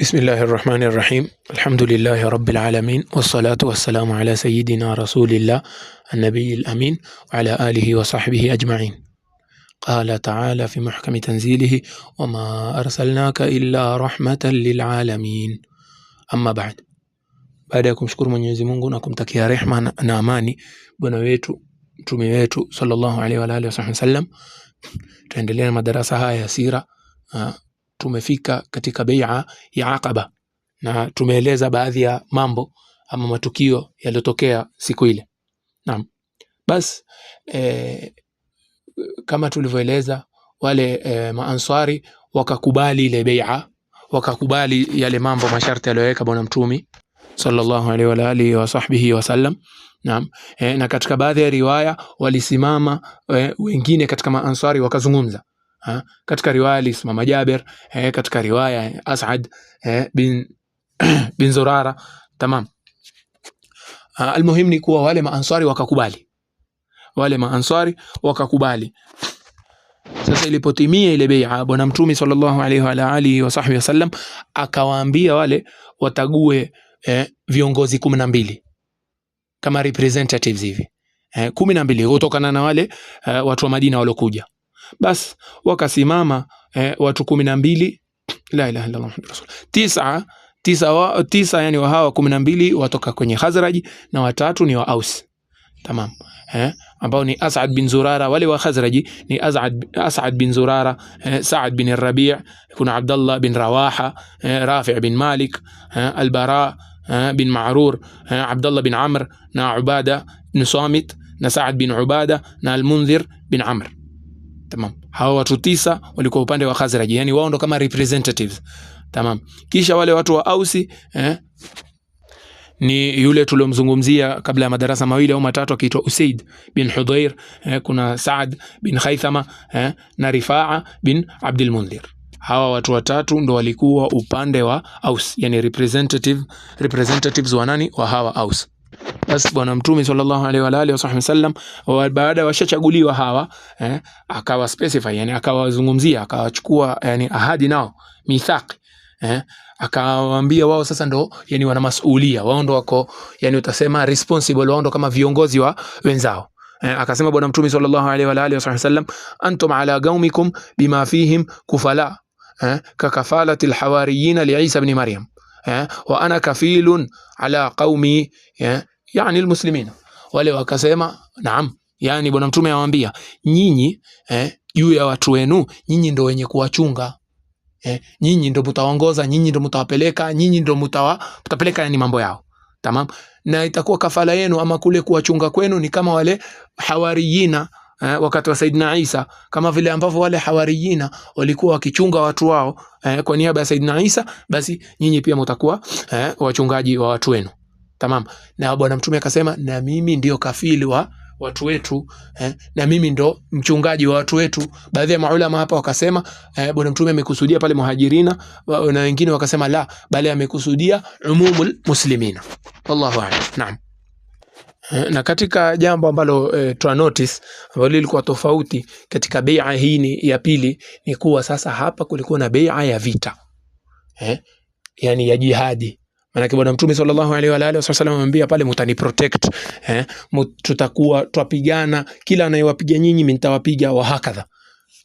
بسم الله الرحمن الرحيم الحمد لله رب العالمين والصلاة والسلام على سيدنا رسول الله النبي الأمين وعلى آله وصحبه أجمعين قال تعالى في محكم تنزيله وما أرسلناك إلا رحمة للعالمين أما بعد بعدكم شكر من Mwenyezi Mungu na kumtakia رحمة ناماني بنويتو bwana صلى الله عليه وآله وصحبه وسلم alihi wasallam, هاي سيرة tumefika katika beia ya Aqaba na tumeeleza baadhi ya mambo ama matukio yaliyotokea siku ile. Naam. Bas e, kama tulivyoeleza wale e, maanswari wakakubali ile beia, wakakubali yale mambo masharti aliyoweka bwana mtumi sallallahu alaihi wa alihi wa sahbihi wasallam. Naam. E, na katika baadhi ya riwaya walisimama e, wengine katika maanswari wakazungumza Ha? Katika riwaya alisimama Jaber eh, katika riwaya Asad eh, bin bin Zurara tamam. almuhim ni kuwa wale maansari wakakubali, wale maansari wakakubali. Sasa ilipotimia ile beia bwana mtume sallallahu alaihi wa alihi wa sahbihi wasallam akawaambia wale watague eh, viongozi kumi na mbili kama representatives hivi eh, kumi na mbili kutokana na wale eh, watu wa Madina waliokuja basi wakasimama eh, watu kumi na mbili la ilaha illallah muhammadur rasul tisa tisa, wa, tisa yani wa hawa kumi na mbili watoka kwenye Khazraji na watatu ni wa Aus tamam eh, ambao ni As'ad bin Zurara. Wale wa Khazraji ni As'ad, As'ad bin Zurara eh, Sa'ad bin Rabi' kuna Abdullah bin Rawaha eh, Rafi' bin Malik eh, Al-Bara eh, bin Ma'rur eh, Abdullah bin Amr na Ubada bin Samit na Sa'ad bin Ubada na Al-Munzir bin Amr Tamam. Hawa watu tisa walikuwa upande wa Khazraj, yani wao ndo kama representatives. Tamam. Kisha wale watu wa Ausi eh, ni yule tuliomzungumzia kabla ya madarasa mawili au matatu akiitwa Usaid bin Hudhair eh, kuna Saad bin Khaithama eh, na Rifaa bin Abdul Mundhir. Hawa watu watatu ndo walikuwa upande wa Aus, yani representative representatives wa nani wa hawa Aus. Basi bwana mtume sallallahu alaihi wa alihi wasallam baada ya washachaguliwa hawa eh, akawa specify yani akawazungumzia akawachukua yani ahadi nao mithaq eh, akawaambia wao sasa ndo yani wana masuhulia wao ndo wako yani utasema responsible wao ndo kama viongozi wa wenzao eh, akasema bwana mtume sallallahu alaihi wa alihi wasallam antum ala qaumikum bima fihim kufala eh, ka kakafalati alhawariyina Isa ibn maryam eh, wa ana kafilun ala qaumi eh, yani almuslimina, wale wakasema naam, yani bwana mtume awaambia nyinyi eh, juu ya watu wenu nyinyi ndo wenye kuwachunga eh, nyinyi ndo mtaongoza, nyinyi ndo mtawapeleka, nyinyi ndo mtawa mtapeleka yani mambo yao tamam, na itakuwa kafala yenu ama kule kuwachunga kwenu ni kama wale hawariyina eh, wakati wa Saidina Isa, kama vile ambavyo wale hawariyina walikuwa wakichunga watu wao eh, kwa niaba ya Saidina Isa, basi nyinyi pia mtakuwa eh, wachungaji wa watu wenu. Tamam. Na Bwana Mtume akasema, na mimi ndio kafili wa watu wetu eh, na mimi ndo mchungaji wa watu wetu. Baadhi ya maulama hapa wakasema eh, bwana mtume amekusudia pale muhajirina, na wengine wakasema la, bali amekusudia umumul muslimina. Wallahu a'lam. Naam. Eh, na katika jambo ambalo e, twa notice ambalo lilikuwa tofauti katika bai'a hii ya pili ni kuwa sasa hapa kulikuwa na bai'a ya vita eh, yani ya jihadi manake Bwana Mtume sallallahu alaihi wa alihi wasallam amemwambia pale, mutani protect eh, tutakuwa twapigana, kila anayewapiga nyinyi nitawapiga wa hakadha,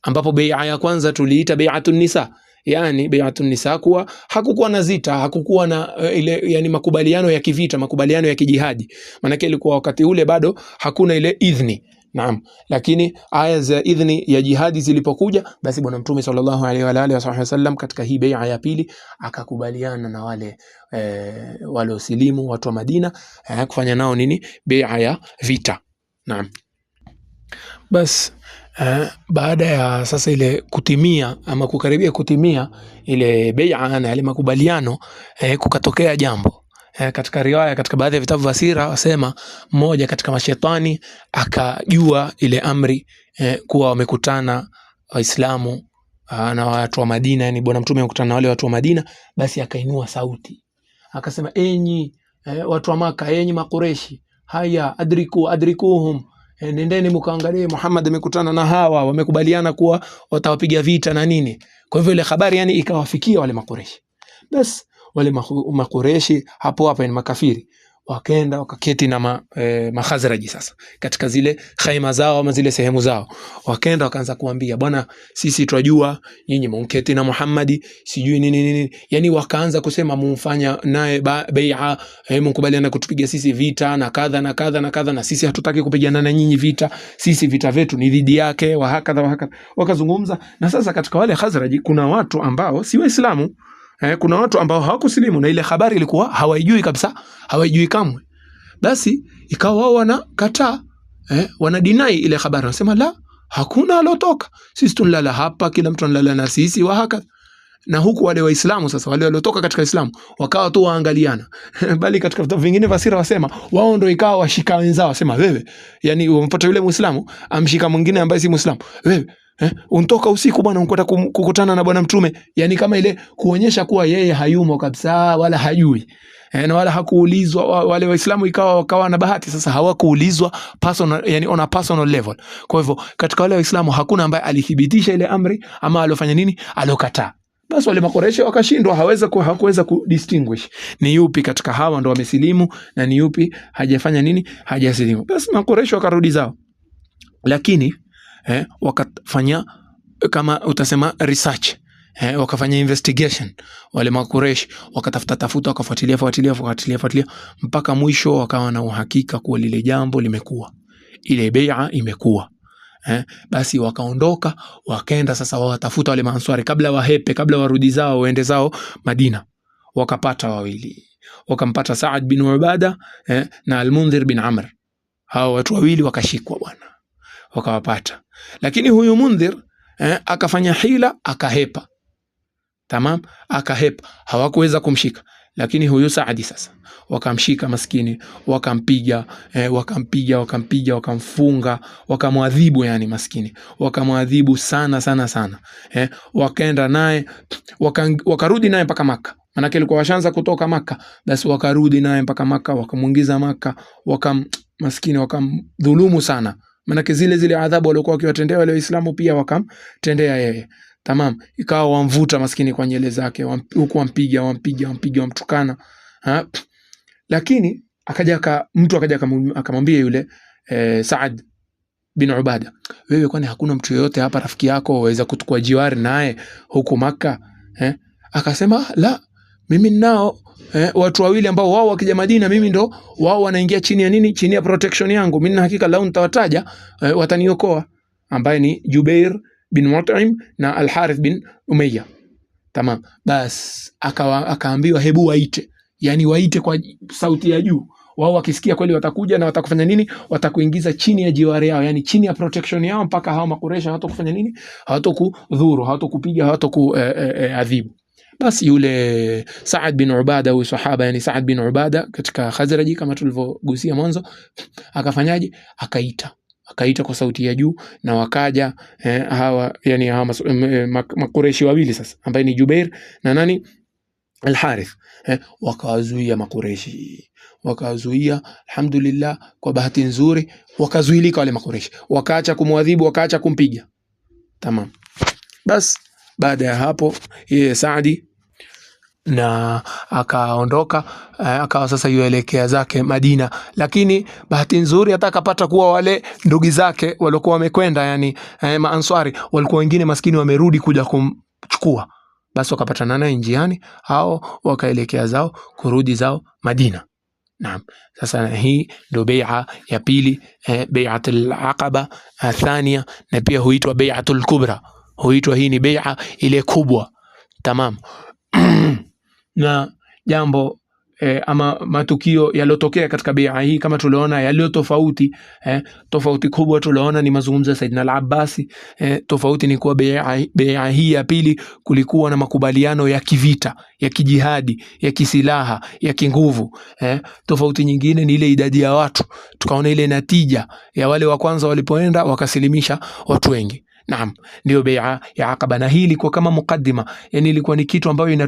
ambapo bai'a ya kwanza tuliita bai'atun nisa Yani bai'atun nisa kuwa hakukuwa na zita, hakukuwa na uh, ile yani makubaliano ya kivita, makubaliano ya kijihadi. Maanake ilikuwa wakati ule bado hakuna ile idhni Naam, lakini aya za idhni ya jihadi zilipokuja, basi Bwana Mtume sallallahu alaihi wa alihi wasallam katika hii bai'a ya pili akakubaliana na wale e, wale usilimu watu wa Madina e, kufanya nao nini bai'a ya vita. Naam, bas e, baada ya sasa ile kutimia ama kukaribia kutimia ile bai'a na yale makubaliano e, kukatokea jambo eh, katika riwaya katika baadhi ya vitabu vya sira wasema mmoja katika mashetani akajua ile amri eh, kuwa wamekutana Waislamu ah, na watu wa Madina, yani bwana mtume amekutana na wale watu wa Madina, basi akainua sauti akasema, enyi eh, watu wa Maka, enyi Makureshi, haya adriku adrikuhum eh, nendeni mkaangalie Muhammad amekutana na hawa, wamekubaliana kuwa watawapiga vita na nini. Kwa hivyo ile habari yani ikawafikia wale Makureshi basi wale makureshi hapo hapa ni makafiri wakenda wakaketi na ma, e, mahazraji sasa katika zile khaima zao ama zile sehemu zao, wakenda wakaanza kuambia, bwana, sisi twajua nyinyi munketi na Muhammadi sijui nini nini, yani wakaanza kusema mumfanya naye bai'a, e, eh, mkubaliana kutupiga sisi vita na kadha na kadha na kadha, na sisi hatutaki kupigana na nyinyi vita, sisi vita vyetu ni dhidi yake, wa hakadha wa hakadha, wakazungumza. Na sasa katika wale hazraji kuna watu ambao si Waislamu Eh, kuna watu ambao hawakusilimu na ile habari ilikuwa hawaijui kabisa, hawaijui kamwe. Basi ikawa wao wanakataa, eh, wana deny ile habari, wanasema la, hakuna alotoka, sisi tunalala hapa, kila mtu analala na sisi wahaka na huku wale Waislamu sasa wale waliotoka katika Islamu wakawa tu waangaliana bali katika vitabu vingine fasira wasema wao ndio ikawa washika wenzao, wasema wewe, yani umpata yule Muislamu amshika mwingine ambaye si Muislamu, wewe Eh, untoka usiku bwana unakwenda kukutana na bwana mtume, yani kama ile kuonyesha kuwa yeye hayumo kabisa wala hajui eh, na wala hakuulizwa. Wale Waislamu ikawa wakawa na bahati sasa, hawakuulizwa personal, yani on a personal level. Kwa hivyo katika wale Waislamu hakuna ambaye alithibitisha ile amri ama alofanya nini, alokataa. Basi wale Makoreshi wakashindwa, haweza hakuweza ku distinguish ni yupi katika hawa ndo wamesilimu na ni yupi hajafanya nini, hajasilimu. Basi Makoreshi wakarudi zao, lakini eh, wakafanya eh, kama utasema research eh, wakafanya investigation wale makureshi wakatafuta tafuta wakafuatilia fuatilia fuatilia fuatilia mpaka mwisho wakawa na uhakika kuwa lile jambo limekuwa ile beia imekuwa Eh, basi wakaondoka wakaenda sasa wawatafuta wale maanswari kabla wahepe kabla warudi zao waende zao Madina wakapata wawili wakampata Saad bin Ubada eh, na Almundhir bin Amr. hawa watu wawili wakashikwa bwana wakawapata. Lakini huyu Mundhir eh, akafanya hila akahepa, tamam, akahepa, hawakuweza kumshika. Lakini huyu Saadi sasa wakamshika maskini, wakampiga eh, wakampiga wakampiga, wakamfunga, wakamwadhibu, yani maskini wakamwadhibu sana sana sana eh, wakaenda naye wakarudi waka, naye mpaka Maka manake alikuwa washanza kutoka Maka, basi wakarudi naye mpaka Maka, wakamwingiza Maka, wakam maskini wakamdhulumu sana manake zile zile adhabu waliokuwa wakiwatendea wale Waislamu pia wakamtendea yeye. Tamam, ikawa wamvuta maskini kwa nyele zake, huku wampiga wampiga wampiga wamtukana. Ha? Lakini akaja ka, mtu akaja akamwambia yule e, Saad bin Ubada, wewe kwani hakuna mtu yoyote hapa rafiki yako waweza kutukua jiwari naye huku Makka? Eh? Akasema la, mimi nao eh, watu wawili ambao wao wakija Madina, mimi ndo wao wanaingia chini ya nini, chini ya protection yangu mimi, na hakika lau nitawataja eh, wataniokoa, ambaye ni Jubair bin Mutaim na Al-Harith bin Umayya. Tamam, bas akawa akaambiwa, hebu waite, yani waite kwa sauti ya juu wao wakisikia kweli watakuja na watakufanya nini? Watakuingiza chini ya jiwari yao, yani chini ya protection yao, mpaka hao makuresha hawatokufanya nini? Hawatokudhuru, hawatokupiga, hawatokuadhibu. Eh, eh, eh, basi yule Saad bin Ubada, huyu sahaba yani Saad bin Ubada katika Khazraji kama tulivyogusia mwanzo, akafanyaje? Akaita akaita kwa sauti ya juu na wakaja eh, hawa yani hawa eh, makureshi wawili sasa, ambaye ni Jubair na nani Alharith eh, wakawazuia makureshi wakazuia. Alhamdulillah, kwa bahati nzuri wakazuilika wale makureshi, wakaacha kumwadhibu, wakaacha kumpiga. Tamam, bas baada ya hapo yeye Saadi na akaondoka eh, akawa sasa yuelekea zake Madina, lakini bahati nzuri hata akapata kuwa wale ndugu zake waliokuwa wamekwenda yani eh, maanswari walikuwa wengine maskini wamerudi kuja kumchukua, basi wakapatana naye njiani, hao wakaelekea zao kurudi zao Madina. Naam, sasa hii ndio bai'a ya pili eh, bai'atul aqaba athania, eh, na pia huitwa bai'atul kubra, huitwa hii ni bai'a ile kubwa. Tamam. na jambo eh, ama matukio yaliyotokea katika bia hii kama tuliona yaliyo tofauti eh, tofauti kubwa tuliona ni mazungumzo ya Saidina Al-Abbasi eh, tofauti ni kuwa bia hii ya pili kulikuwa na makubaliano ya kivita ya kijihadi ya kisilaha ya kinguvu eh. Tofauti nyingine ni ile idadi ya watu, tukaona ile natija ya wale wa kwanza walipoenda wakasilimisha watu wengi. Naam, ndio bai'a ya Aqaba, na hii ilikuwa kama mukaddima, yani ilikuwa ni kitu ambayo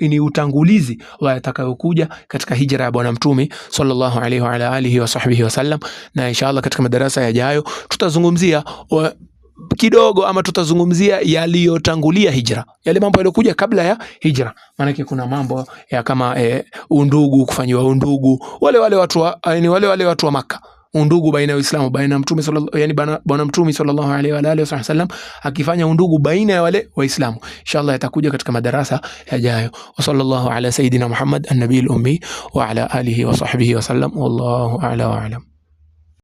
ni utangulizi wa yatakayokuja katika hijra ya Bwana Mtume sallallahu alaihi wa ala alihi wa sahbihi wasallam, na inshallah katika madarasa yajayo tutazungumzia wa kidogo ama tutazungumzia yaliyotangulia hijra, yale mambo yaliyokuja kabla ya hijra. Maanake kuna mambo ya kama e, undugu, kufanyiwa undugu wale wale watu wa, eh, ni wale wale watu wa Makka undugu baina ya Uislamu baina mtume sallallahu yani bwana mtume sallallahu alaihi wa alihi wasallam akifanya undugu baina ya wale Waislamu. Inshallah yatakuja katika madarasa yajayo. Wa sallallahu ala sayidina Muhammad an-nabiyil ummi wa ala alihi wa sahbihi sallam Wallahu a'la wa a'lam.